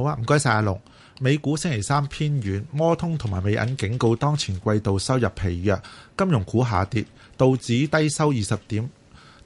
好啊，唔該晒阿龍。美股星期三偏軟，摩通同埋美銀警告當前季度收入疲弱，金融股下跌，道指低收二十點。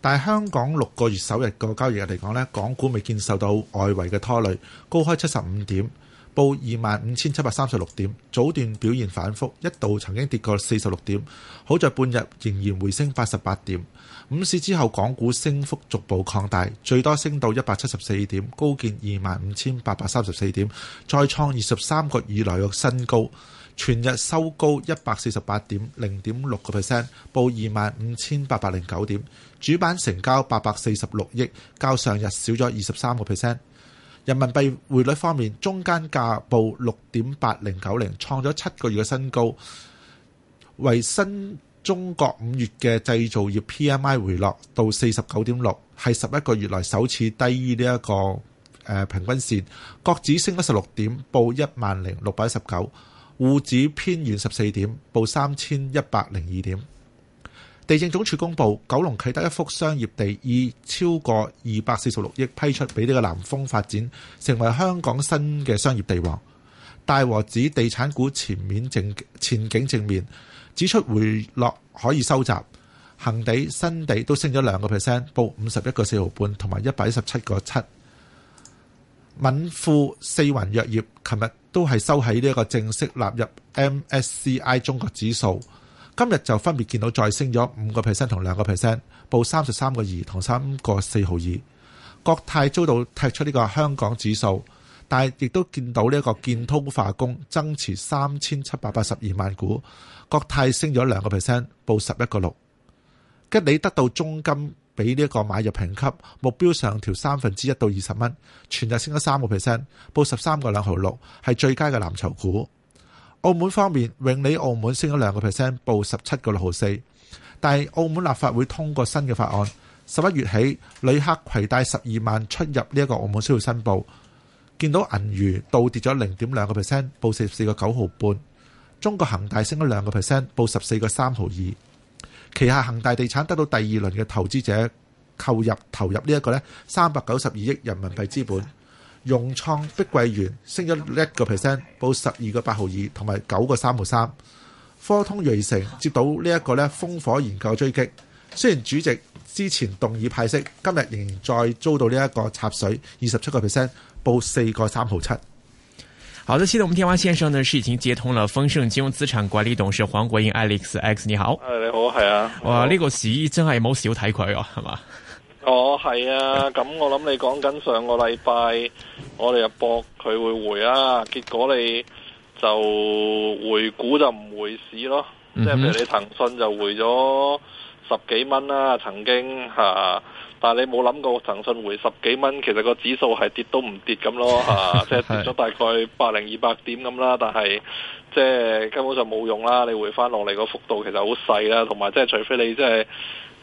但係香港六個月首日個交易日嚟講呢，港股未見受到外圍嘅拖累，高開七十五點，報二萬五千七百三十六點，早段表現反覆，一度曾經跌過四十六點，好在半日仍然回升八十八點。午市之後，港股升幅逐步擴大，最多升到一百七十四點，高見二萬五千八百三十四點，再創二十三個月以來嘅新高。全日收高一百四十八點，零點六個 percent，報二萬五千八百零九點。主板成交八百四十六億，較上日少咗二十三個 percent。人民幣匯率方面，中間價報六點八零九零，創咗七個月嘅新高。為新中國五月嘅製造業 PMI 回落到四十九點六，係十一個月來首次低於呢、這、一個誒、呃、平均線。各指升咗十六點，報一萬零六百一十九，滬指偏軟十四點，報三千一百零二點。地政總署公布，九龍啟德一幅商業地已超過二百四十六億批出俾呢個南豐發展，成為香港新嘅商業地王。大和指地產股前面正前景正面，指出回落可以收窄。恒地、新地都升咗兩個 percent，報五十一個四毫半，同埋一百一十七個七。敏富四環藥業琴日都係收喺呢一個正式納入 MSCI 中國指數。今日就分別見到再升咗五個 percent 同兩個 percent，報三十三個二同三個四毫二。國泰遭到踢出呢個香港指數，但係亦都見到呢一個建通化工增持三千七百八十二萬股，國泰升咗兩個 percent，報十一個六。吉利得到中金俾呢一個買入評級，目標上調三分之一到二十蚊，全日升咗三個 percent，報十三個兩毫六，係最佳嘅藍籌股。澳門方面，永利澳門升咗兩個 percent，報十七個六毫四。64，但係澳門立法會通過新嘅法案，十一月起旅客携帶十二萬出入呢一個澳門需要申報。見到銀娛倒跌咗零點兩個 percent，報十四個九毫半。95，中國恒大升咗兩個 percent，報十四個三毫二。32，旗下恒大地產得到第二輪嘅投資者購入投入呢一個呢三百九十二億人民幣資本。融創碧桂園升咗一個 percent，報十二個八毫二，同埋九個三毫三。科通芯城接到呢一個咧烽火研究追擊，雖然主席之前動議派息，今日仍然再遭到呢一個插水，二十七個 percent，報四個三毫七。好的，現在我們電話線上呢是已經接通了豐盛金融資產管理董事黃國英 Alex，Alex 你好。誒，你好，係啊。哇，呢個市真係冇少睇佢啊，係嘛？哦，係啊，咁我諗你講緊上個禮拜，我哋又博佢會回啊，結果你就回股就唔回市咯，即係譬如你騰訊就回咗十幾蚊啦，啊，曾經吓，啊，但係你冇諗過騰訊回十幾蚊，其實個指數係跌都唔跌咁咯吓，啊， 即係跌咗大概百零二百點咁啦，但係即係根本就冇用啦，你回翻落嚟個幅度其實好細啦，同埋即係除非你即係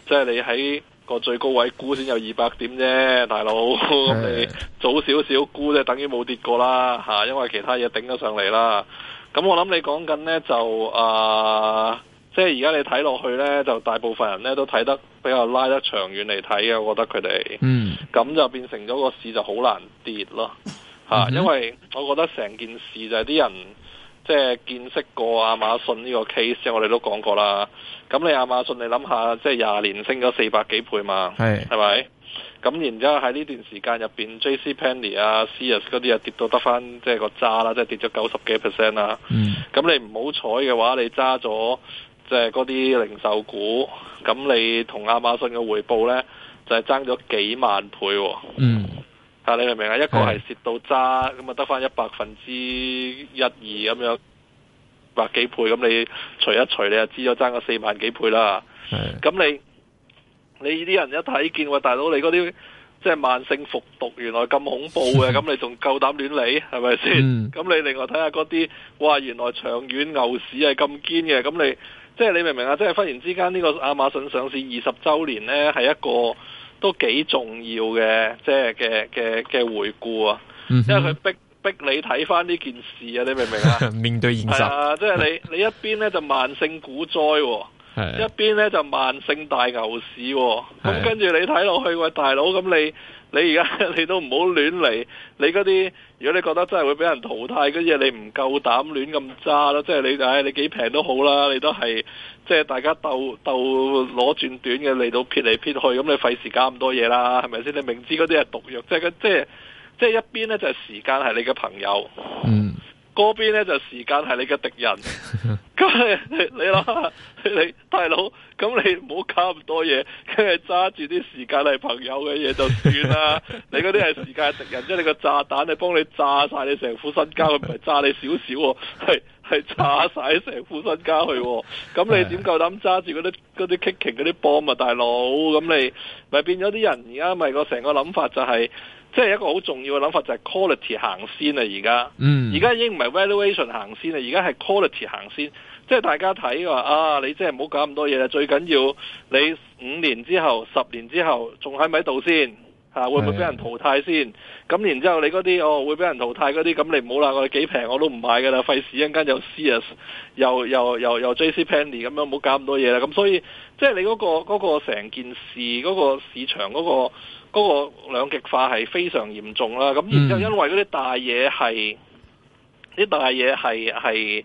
即係你喺。個最高位估先有二百點啫，大佬 你早少少估就等於冇跌過啦吓，因為其他嘢頂咗上嚟啦。咁我諗你講緊呢，就啊，即係而家你睇落去呢，就大部分人呢都睇得比較拉得長遠嚟睇嘅，我覺得佢哋，咁、mm hmm. 就變成咗個市就好難跌咯吓，mm hmm. 因為我覺得成件事就係啲人。即係見識過亞馬遜呢個 case，我哋都講過啦。咁你亞馬遜，你諗下，即係廿年升咗四百幾倍嘛？係係咪？咁然之後喺呢段時間入邊，JC Penney 啊、Sears 嗰啲啊跌到得翻，即係個渣啦，即係跌咗九十幾 percent 啦。咁、嗯、你唔好彩嘅話，你揸咗即係嗰啲零售股，咁你同亞馬遜嘅回報呢，就係爭咗幾萬倍喎、啊。嗯。吓你明唔明啊？一個係蝕到渣，咁啊得翻一百分之一二咁樣，百幾倍咁你除一除，你就知咗差個四萬幾倍啦。咁是的 你你啲人一睇見喂大佬你嗰啲即係慢性服毒，原來咁恐怖嘅，咁你仲夠膽亂嚟係咪先？咁你另外睇下嗰啲，哇原來長遠牛市係咁堅嘅，咁你即係你明唔明啊？即係忽然之間呢個亞馬遜上市二十周年呢，係一個。都幾重要嘅，即係嘅嘅嘅回顧啊，嗯、哼因為佢逼逼你睇返呢件事啊，你明唔明啊？ 面對現實 啊，即、就、係、是、你你一邊咧就慢性股災、啊， 一邊咧就慢性大牛市、啊，咁跟住你睇落去，喂大佬，咁你你而家你，你都唔好亂嚟，你嗰啲。如果你覺得真係會俾人淘汰嗰啲嘢，你唔夠膽亂咁揸咯，即係你唉，你幾平都好啦，你都係即係大家鬥鬥攞轉短嘅嚟到撇嚟撇去，咁你費時間咁多嘢啦，係咪先？你明知嗰啲係毒藥，即係即係即係一邊呢，就係時間係你嘅朋友。嗯。嗰邊咧就是、時間係你嘅敵人，咁 你，你，你諗下，你，你大佬，咁你唔好搞咁多嘢，跟揸住啲時間係朋友嘅嘢就算啦。 你嗰啲係時間敵人，即係你個炸彈，係幫你炸晒你成副身家，唔係炸你少少，係係炸晒成副身家去。咁你點夠膽揸住嗰啲 kicking 嗰啲棘棋嗰啲波物，大佬咁你咪變咗啲人，而家咪個成個諗法就係、是。即係一個好重要嘅諗法，就係 quality 行先啊、嗯！而家，而家已經唔係 valuation 行先啊！而家係 quality 行先，即係大家睇話啊，你真係唔好搞咁多嘢啦，最緊要你五年之後、十年之後仲喺咪喺度先。嚇、啊、會唔會俾人淘汰先？咁的然之後你嗰啲哦會俾人淘汰嗰啲，咁你唔好啦，我哋幾平我都唔買噶啦，費事一間又 Sears 又又又又 J C Penney 咁樣，唔好搞咁多嘢啦。咁所以即係、就是、你嗰、那個成、那個、件事嗰、那個市場嗰、那個嗰、那個兩極化係非常嚴重啦。咁然之後因為嗰啲大嘢係啲大嘢係係。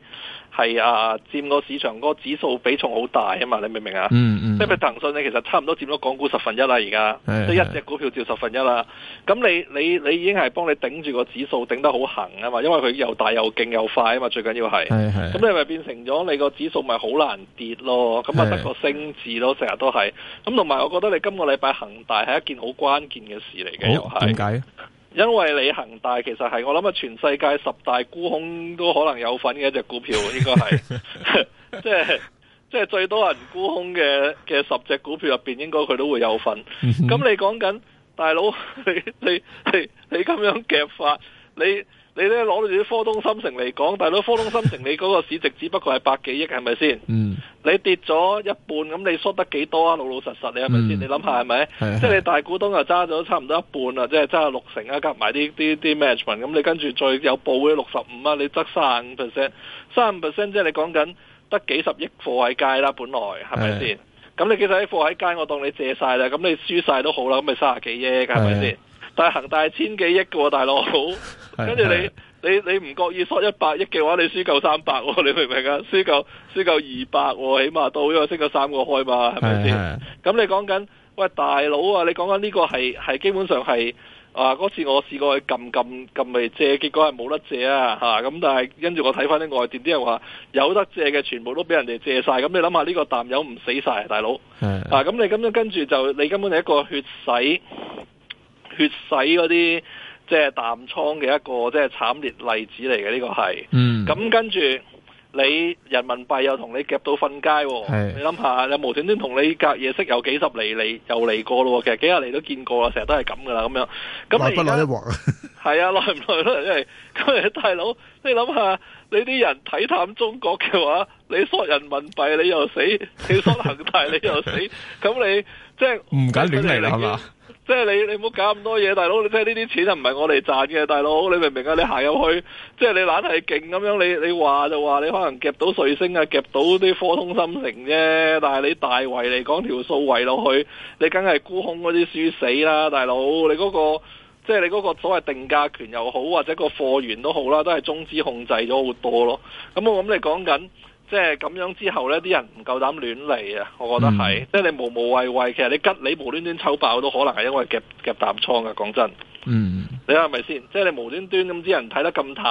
係啊，佔個市場個指數比重好大啊嘛，你明唔明啊？嗯嗯，即係譬如騰訊，你其實差唔多佔咗港股十分一啦，而家即係一隻股票佔十分一啦。咁你你你已經係幫你頂住個指數頂得好行啊嘛，因為佢又大又勁又快啊嘛，最緊要係。係係。咁你咪變成咗你個指數咪好難跌咯，咁啊得個升字咯，成日都係。咁同埋，是是我覺得你今個禮拜恒大係一件關鍵好關鍵嘅事嚟嘅，又係。點解？因為你恒大其實係我諗啊，全世界十大沽空都可能有份嘅一隻股票，應該係，即係即係最多人沽空嘅嘅十隻股票入邊，應該佢都會有份。咁、嗯、哼你講緊大佬，你你你你咁樣夾法，你。你你你你咧，攞到啲科東新城嚟講，但係都科東新城你嗰個市值只不過係百幾億，係咪先？嗯。你跌咗一半，咁你縮得幾多啊？老老實實，嗯、你係咪先？你諗下係咪？即係你大股東又揸咗差唔多一半啊，即係揸六成啊，夾埋啲啲啲 management，咁你跟住再有報啲六十五啊，就是、你得卅五 percent，卅五 percent 即係你講緊得幾十億貨喺街啦，本來係咪先？咁、嗯、你其實啲貨喺街，我當你借晒啦，咁你輸晒都好啦，咁咪卅幾億嘅係咪先？但係恒大係千幾億嘅喎、啊，大佬，跟住你你你唔覺意 short 一百億嘅話，你輸夠三百、哦，你明唔明啊？輸夠輸夠二百、哦，起碼都因為升咗三個開嘛，係咪先？咁你講緊喂，大佬啊，你講緊呢個係係基本上係啊，嗰、呃、次我試過去撳撳撳嚟借，結果係冇得借啊吓。咁、啊、但係跟住我睇翻啲外電，啲人話有得借嘅全部都俾人哋借晒。咁、嗯、你諗下呢個淡友唔死晒，大佬啊？咁、啊、你咁樣跟住就你根本係一個血洗。血洗嗰啲即係淡倉嘅一個即係慘烈例子嚟嘅呢個係，咁、嗯、跟住你人民幣又同你夾到瞓街，你諗下又無端端同你隔夜息有幾十厘，你又嚟過咯，其實幾日嚟都見過啦，成日都係咁噶啦咁樣。咁而家係啊，耐唔耐因為。咁大佬，你諗下你啲人睇淡中國嘅話，你縮人民幣你又死，你縮恒大你又死，咁你即係唔敢亂嚟啦，係嘛？即係你你唔好搞咁多嘢，大佬！即係呢啲錢啊，唔係我哋賺嘅，大佬！你明唔明啊？你行入去，即係你懶係勁咁樣，你你話就話，你可能夾到瑞星啊，夾到啲科通芯城啫。但係你大圍嚟講條數圍落去，你梗係沽空嗰啲輸死啦，大佬！你嗰個即係你嗰個所謂定價權又好，或者個貨源都好啦，都係中資控制咗好多咯。咁我諗你講緊。即係咁樣之後呢啲人唔夠膽亂嚟啊！我覺得係，即係，嗯，你無無謂謂，其實你吉利無端端抽爆都可能係因為夾夾淡倉噶。講真，嗯，你話係咪先？即係你無端端咁啲人睇得咁淡，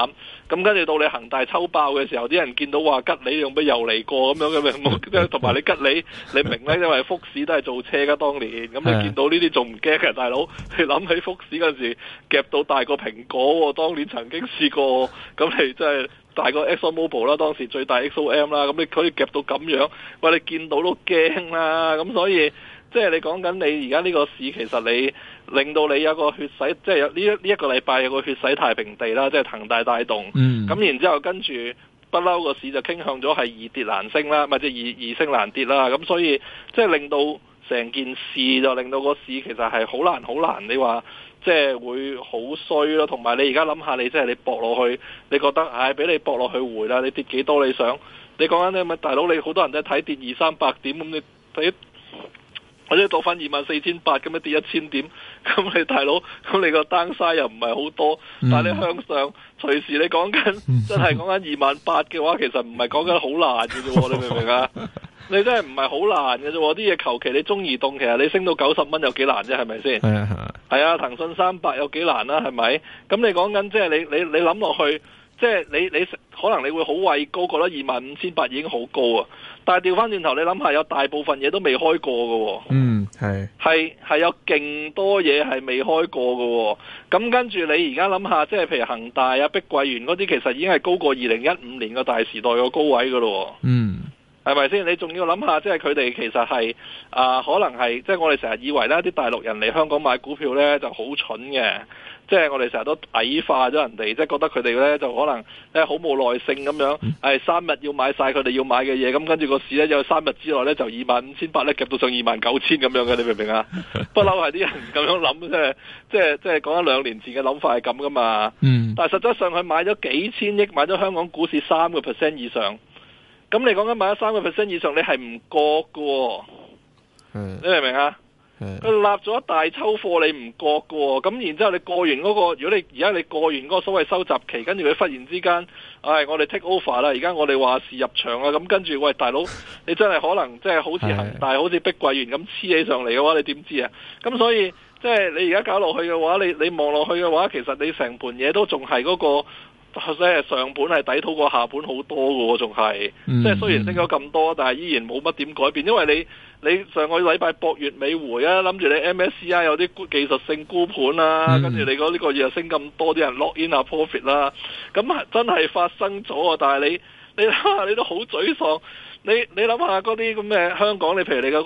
咁跟住到你恒大抽爆嘅時候，啲人見到話吉利用咪又嚟過咁樣嘅，同埋你吉利，你明咧，因為福士都係做車噶當年，咁你見到呢啲仲唔驚嘅大佬？你諗起福士嗰陣時，夾到大個蘋果，當年曾經試過，咁你真係。大個 XO Mobile 啦，obile, 當時最大 XOM 啦，嗯，咁你可以夾到咁樣，我哋見到都驚啦，咁，嗯、所以即係你講緊你而家呢個市，其實你令到你有個血洗，即係有呢一呢一、呢個禮拜有個血洗太平地啦，即係騰大帶動，咁、嗯、然之後，然後跟住不嬲個市就傾向咗係易跌難升啦，咪即係易易升難跌啦，咁、嗯、所以即係令到成件事就令到個市其實係好難好難，你話？即係會好衰咯，同埋你而家諗下，你即係你搏落去，你覺得唉，俾、哎、你搏落去回啦，你跌幾多你想？你講緊啲乜？大佬，你好多人都睇跌二三百點，咁你睇或者倒翻二萬四千八咁樣跌一千點，咁你大佬，咁你個單嘥又唔係好多，但係你向上隨時你講緊真係講緊二萬八嘅話，其實唔係講緊好難嘅啫，你明唔明啊？ 你真係唔係好難嘅啫，啲嘢求其你中移動，其實你升到九十蚊有幾難啫？係咪先？係啊係啊，騰訊三百有幾難啦啊？係咪？咁你講緊即係你你你諗落去，即係你你可能你會好畏高，覺得二萬五千八已經好高啊！但係調翻轉頭，你諗下有大部分嘢都未開過嘅哦。嗯，係係係有勁多嘢係未開過嘅哦。咁跟住你而家諗下，即係譬如恒大啊、碧桂園嗰啲，其實已經係高過二零一五年個大時代個高位噶咯哦。嗯。係咪先？你仲要諗下，即係佢哋其實係啊、呃，可能係即係我哋成日以為呢啲大陸人嚟香港買股票呢就好蠢嘅。即係我哋成日都矮化咗人哋，即係覺得佢哋呢就可能咧好冇耐性咁樣，係、嗯、三日要買晒佢哋要買嘅嘢，咁跟住個市呢，有三日之內呢就二萬五千八呢夾到上二萬九千咁樣嘅，你明唔明啊？不嬲係啲人咁樣諗，即係即係即係講緊兩年前嘅諗法係咁㗎嘛。嗯、但係實質上佢買咗幾千億，買咗香港股市三個 percent 以上。咁你講緊買咗三個 percent 以上你、哦，你係唔過噶，你明唔明啊？佢是立咗一大抽貨、哦，你唔過噶。咁然之後你過完嗰、那個，如果你而家你過完嗰個所謂收集期，跟住佢忽然之間，唉、哎，我哋 take over 啦，而家我哋話事入場啊，咁跟住喂大佬，你真係可能即係、就是、好似恒大，是好似碧桂園咁黐起上嚟嘅話，你點知啊？咁所以即係、就是、你而家搞落去嘅話，你你望落去嘅話，其實你成盤嘢都仲係嗰個。即係上盤係抵討過下盤好多嘅，仲係，即係雖然升咗咁多，但係依然冇乜點改變。因為你你上個禮拜博月尾回啊，諗住你 MSCI 有啲技術性沽盤啦、啊，跟住、嗯、你講呢個月又升咁多，啲人 lock in profit 啊 profit 啦，咁真係發生咗啊！但係你你諗下，你都好沮喪。你你諗下嗰啲咁嘅香港，你譬如你嘅嗰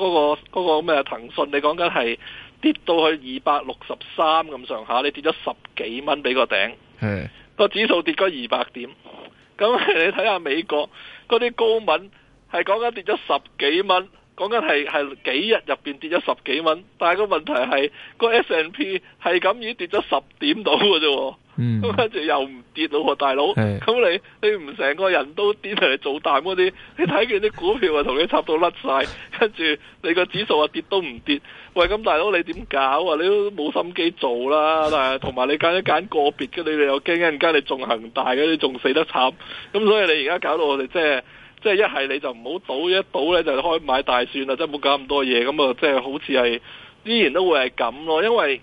個嗰個咩騰訊，你講緊係跌到去二百六十三咁上下，你跌咗十幾蚊俾個頂。個指數跌咗二百點，咁你睇下美國嗰啲高敏係講緊跌咗十幾蚊，講緊係係幾日入邊跌咗十幾蚊，但係個問題係個 S&P 係咁已經跌咗十點到嘅啫，咁跟住又唔跌到喎，大佬，咁的你你唔成個人都跌嚟做淡嗰啲，你睇見啲股票啊同你插到甩晒，跟住你個指數啊跌都唔跌。喂，咁大佬你點搞啊？你都冇心機做啦，但係同埋你揀一揀個別嘅，你哋又驚一陣間你仲恒大嘅，你仲死得慘。咁所以你而家搞到我哋即係即係一係你就唔好賭，一賭咧就開買大算啦，即係唔好搞咁多嘢。咁啊，即係好似係依然都會係咁咯。因為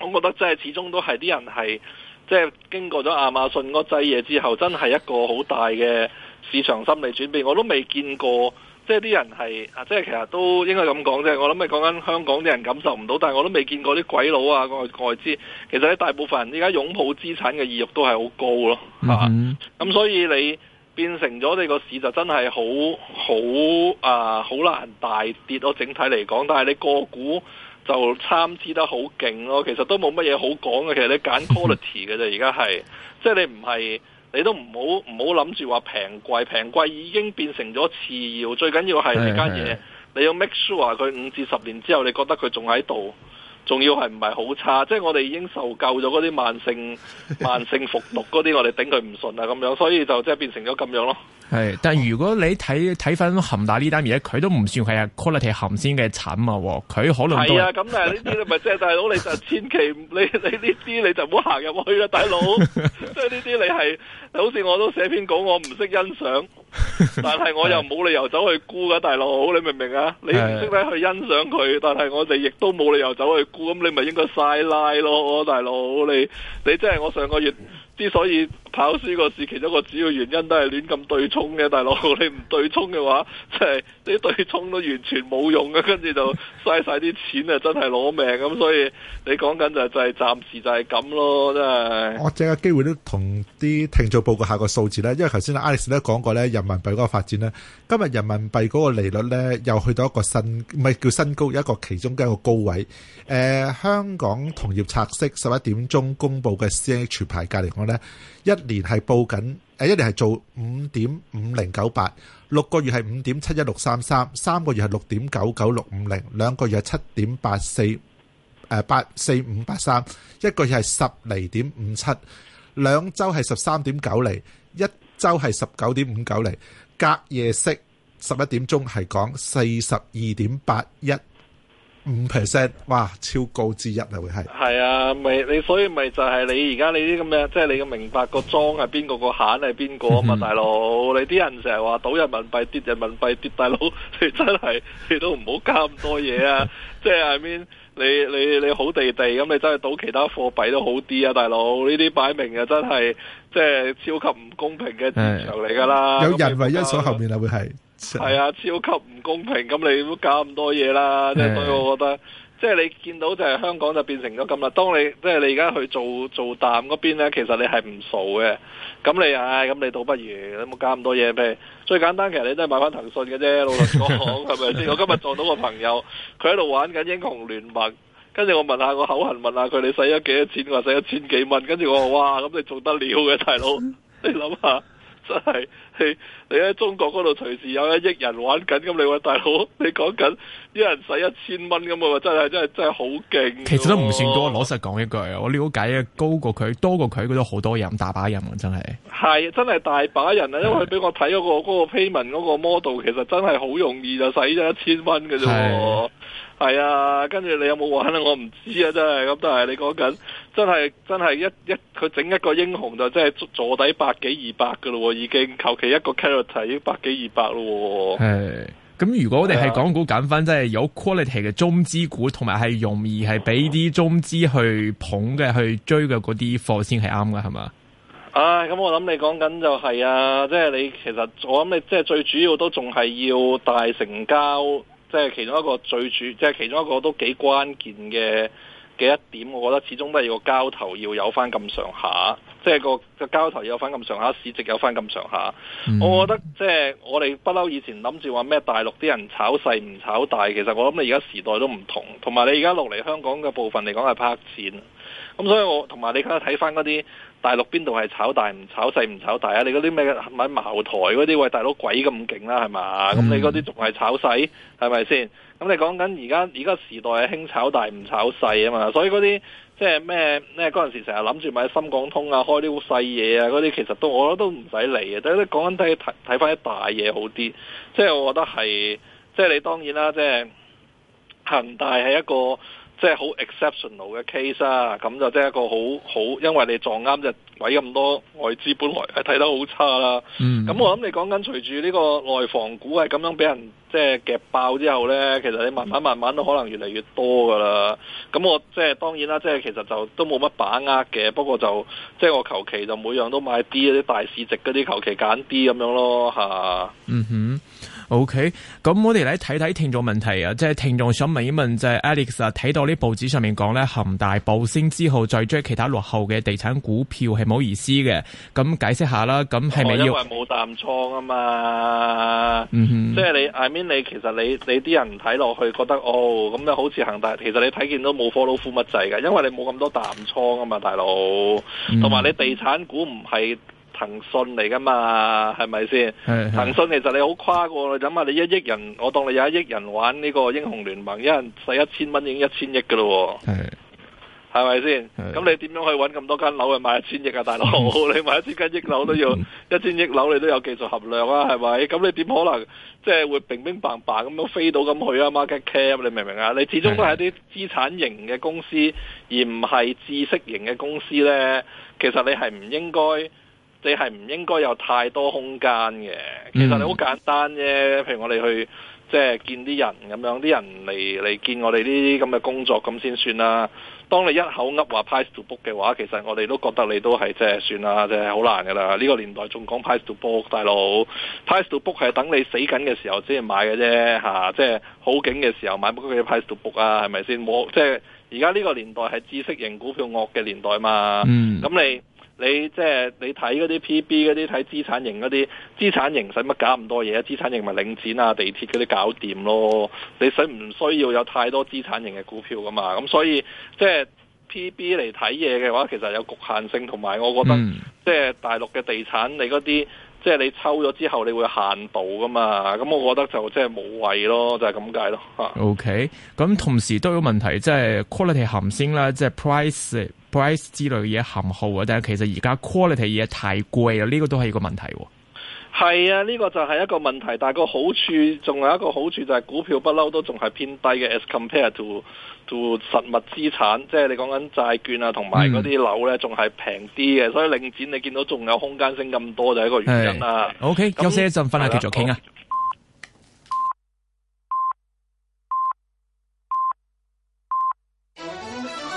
我覺得即係始終都係啲人係即係經過咗亞馬遜個制嘢之後，真係一個好大嘅市場心理轉變。我都未見過。即係啲人係啊！即係其實都應該咁講啫。即係我諗係講緊香港啲人感受唔到，但係我都未見過啲鬼佬啊！外外資其實咧，大部分人而家擁抱資產嘅意欲都係好高咯，係咁、mm hmm. 啊、所以你變成咗你個市就真係好好啊！好難大跌咯、啊，整體嚟講。但係你個股就參差得好勁咯。其實都冇乜嘢好講嘅。其實你揀 quality 嘅啫，而家係即係你唔係。你都唔好唔好諗住話平貴，平貴已經變成咗次要，最緊要係呢間嘢， 你要 make sure 佢五至十年之後，你覺得佢仲喺度。仲要係唔係好差，即係我哋已經受夠咗嗰啲慢性慢性服毒嗰啲， 我哋頂佢唔順啦咁樣，所以就即係變成咗咁樣咯。係，但係如果你睇睇翻，含大呢單嘢，而且佢都唔算係 quality 含先嘅產啊，佢可能係啊，咁但係呢啲咪即係大佬，你就千祈你你呢啲你，你就唔好行入去啊，大佬，即係呢啲你係，好似我都寫篇稿我唔識欣賞。 但係我又冇理由走去沽㗎，大佬，你明唔明啊？你唔識得去欣賞佢，但係我哋亦都冇理由走去沽，咁你咪應該晒拉咯，大佬，你你真係我上個月。之所以跑輸個市，其中一個主要原因都係亂咁對沖嘅，大佬你唔對沖嘅話，即係你對沖都完全冇用嘅，跟住就嘥晒啲錢啊！真係攞命咁，所以你講緊就就係暫時就係咁咯，真係。我整個機會都同啲聽眾報告下個數字咧，因為頭先 Alex 都講過咧，人民幣嗰個發展咧，今日人民幣嗰個利率咧又去到一個新唔係叫新高，一個其中嘅一個高位。誒、呃，香港同業拆息十一點鐘公布嘅 CNH 牌價嚟講一年係報緊誒，一年係做五點五零九八，六個月係五點七一六三三，三個月係六點九九六五零，兩個月係七點八四，誒，八四五八三，一個月係十厘點五七，兩周係十三點九厘，一周係十九點五九厘。隔夜息，十一點鐘係講四十二點八一。五 percent，哇，超高之一啊！會係係啊，咪你所以咪就係你而家你啲咁嘅，即係你要明白個莊係邊個，個閒係邊個啊嘛，大佬！你啲人成日話賭人民幣跌，人民幣跌，大佬你真係你都唔好加咁多嘢啊！即係、 就是、I mean, 你你你好地地咁，你真係賭其他貨幣都好啲啊，大佬！呢啲擺明啊，真係即係超級唔公平嘅市場嚟㗎喇，嗯、有，有人為因素後面啊會係。係啊，超級唔公平，咁你唔好搞咁多嘢啦，即係的所以我覺得，即係你見到就係香港就變成咗咁啦。當你即係你而家去做做淡嗰邊咧，其實你係唔傻嘅。咁你唉，咁、哎、你倒不如你冇搞咁多嘢咩？最簡單，其實你都係買翻騰訊嘅啫，老實講，係咪先？我今日撞到個朋友，佢喺度玩緊英雄聯盟，跟住我問下，我口痕問下佢，你使咗幾多錢？我話使咗千幾蚊，跟住我話哇，咁你做得了嘅大佬？你諗下。真係，你你喺中國嗰度隨時有一億人玩緊，咁你話大佬，你講緊一人使一千蚊咁啊！真係真係真係好勁。其實都唔算多，老實講一句，啊。我了解嘅高過佢，多過佢都好多人，真真大把人啊！真係係真係大把人啊！因為佢俾我睇嗰、個 payment 嗰、個 model，其實真係好容易就使咗一千蚊嘅啫。係啊，跟住你有冇玩啊？我唔知啊，真係咁，但係你講緊真係真係一一佢整一個英雄就真係坐底百幾二百噶咯，已經求其一個 character 已經百幾二百咯。係咁，如果我哋係港股揀翻，啊、即係有 quality 嘅中資股，同埋係容易係俾啲中資去捧嘅，去追嘅嗰啲貨先係啱噶，係嘛？唉，咁我諗你講緊就係啊，就是、即係你其實我諗你即係最主要都仲係要大成交。即係其中一個最主，即係其中一個都幾關鍵嘅嘅一點，我覺得始終都係個交投要有翻咁上下，即係個個交投要有翻咁上下，市值有翻咁上下。嗯、我覺得即係我哋不嬲以前諗住話咩大陸啲人炒細唔炒大，其實我諗你而家時代都唔同，同埋你而家落嚟香港嘅部分嚟講係拍錢。咁、嗯、所以我同埋你而家睇翻嗰啲大陸邊度係炒大唔炒細，唔炒大啊？你嗰啲咩買茅台嗰啲，喂大佬鬼咁勁啦係嘛？咁、嗯嗯、你嗰啲仲係炒細係咪先？咁你講緊而家而家時代係興炒大唔炒細啊嘛？所以嗰啲即係咩咩嗰陣時成日諗住買深港通啊，開啲好細嘢啊嗰啲，其實都我覺得都唔使理啊。即係講緊睇睇翻啲大嘢好啲，即係我覺得係即係你當然啦，即係恒大係一個。即係好 exceptional 嘅 case 啦、啊，咁就即係一個好好，因為你撞啱就鬼咁多外資，本來係睇得好差啦。咁、mm hmm. 我諗你講緊隨住呢個內房股係咁樣俾人即係夾爆之後呢，其實你慢慢慢慢都可能越嚟越多噶啦。咁我即係當然啦，即係其實就都冇乜把握嘅，不過就即係我求其就每樣都買啲嗰啲大市值嗰啲，求其揀啲咁樣咯嚇。嗯、啊、哼。Mm hmm. O K，咁我哋嚟睇睇聽眾問題啊，即係聽眾想問一問就係、是、Alex 啊，睇到呢報紙上面講咧，恒大暴升之後再追其他落後嘅地產股票係冇意思嘅，咁解釋下啦，咁係咪因為冇淡倉啊嘛？嗯、哼即係你，I mean 你其實你你啲人睇落去覺得哦，咁咧好似恒大，其實你睇見都冇 follow 乜滯嘅，因為你冇咁多淡倉啊嘛，大佬，同埋、嗯、你地產股唔係。騰訊嚟噶嘛，係咪先？騰訊是是 其實你好誇過，你諗下你一億人，我當你有一億人玩呢個英雄聯盟，一人使一千蚊，已經一千億噶咯，係咪先？咁是是 你點樣去搵咁多間樓去買一千億啊，大佬？ 你買一千間億樓都要一千億樓，你都有技術含量啊，係咪？咁你點可能即係會乒乒乓乓咁樣飛到咁去啊？Market Cap 你明唔明啊？你始終都係啲資產型嘅公司，而唔係知識型嘅公司咧，其實你係唔應該。你係唔應該有太多空間嘅，其實你好簡單啫。譬如我哋去即係見啲人咁樣，啲人嚟嚟見我哋啲咁嘅工作咁先算啦。當你一口噏話 price to book 嘅話，其實我哋都覺得你都係即係算啦，即係好難噶啦。呢、這個年代仲講 price to book，大佬 price to book 係等你死緊嘅時候先買嘅啫，嚇、啊！即係好景嘅時候買乜鬼嘢 price to book 啊？係咪先？冇即係而家呢個年代係知識型股票惡嘅年代嘛。嗯，咁你。你即係你睇嗰啲 P.B. 嗰啲，睇資產型嗰啲，資產型使乜搞咁多嘢啊？資產型咪領展啊、地鐵嗰啲搞掂咯。你使唔需要有太多資產型嘅股票噶嘛？咁所以即係 P.B. 嚟睇嘢嘅話，其實有局限性。同埋我覺得、嗯、即係大陸嘅地產，你嗰啲即係你抽咗之後，你會限度噶嘛？咁我覺得就即係冇謂咯，就係、是、咁解咯。嚇。O.K. 咁同時都有問題，即、就、係、是、quality 行先啦，即、就、係、是、price。Price 之類嘅嘢含糊啊，但係其實而家 quality 嘢太貴啊，呢個都係一個問題。係啊，呢個就係一個問題。但係個好處仲有一個好處，就係股票不嬲都仲係偏低嘅，as compared to to 實物資產，即係你講緊債券啊，同埋嗰啲樓咧，仲係平啲嘅。所以領展你見到仲有空間升咁多，就係一個原因啦。Okay, 那 OK，休息一陣，翻嚟繼續傾啊。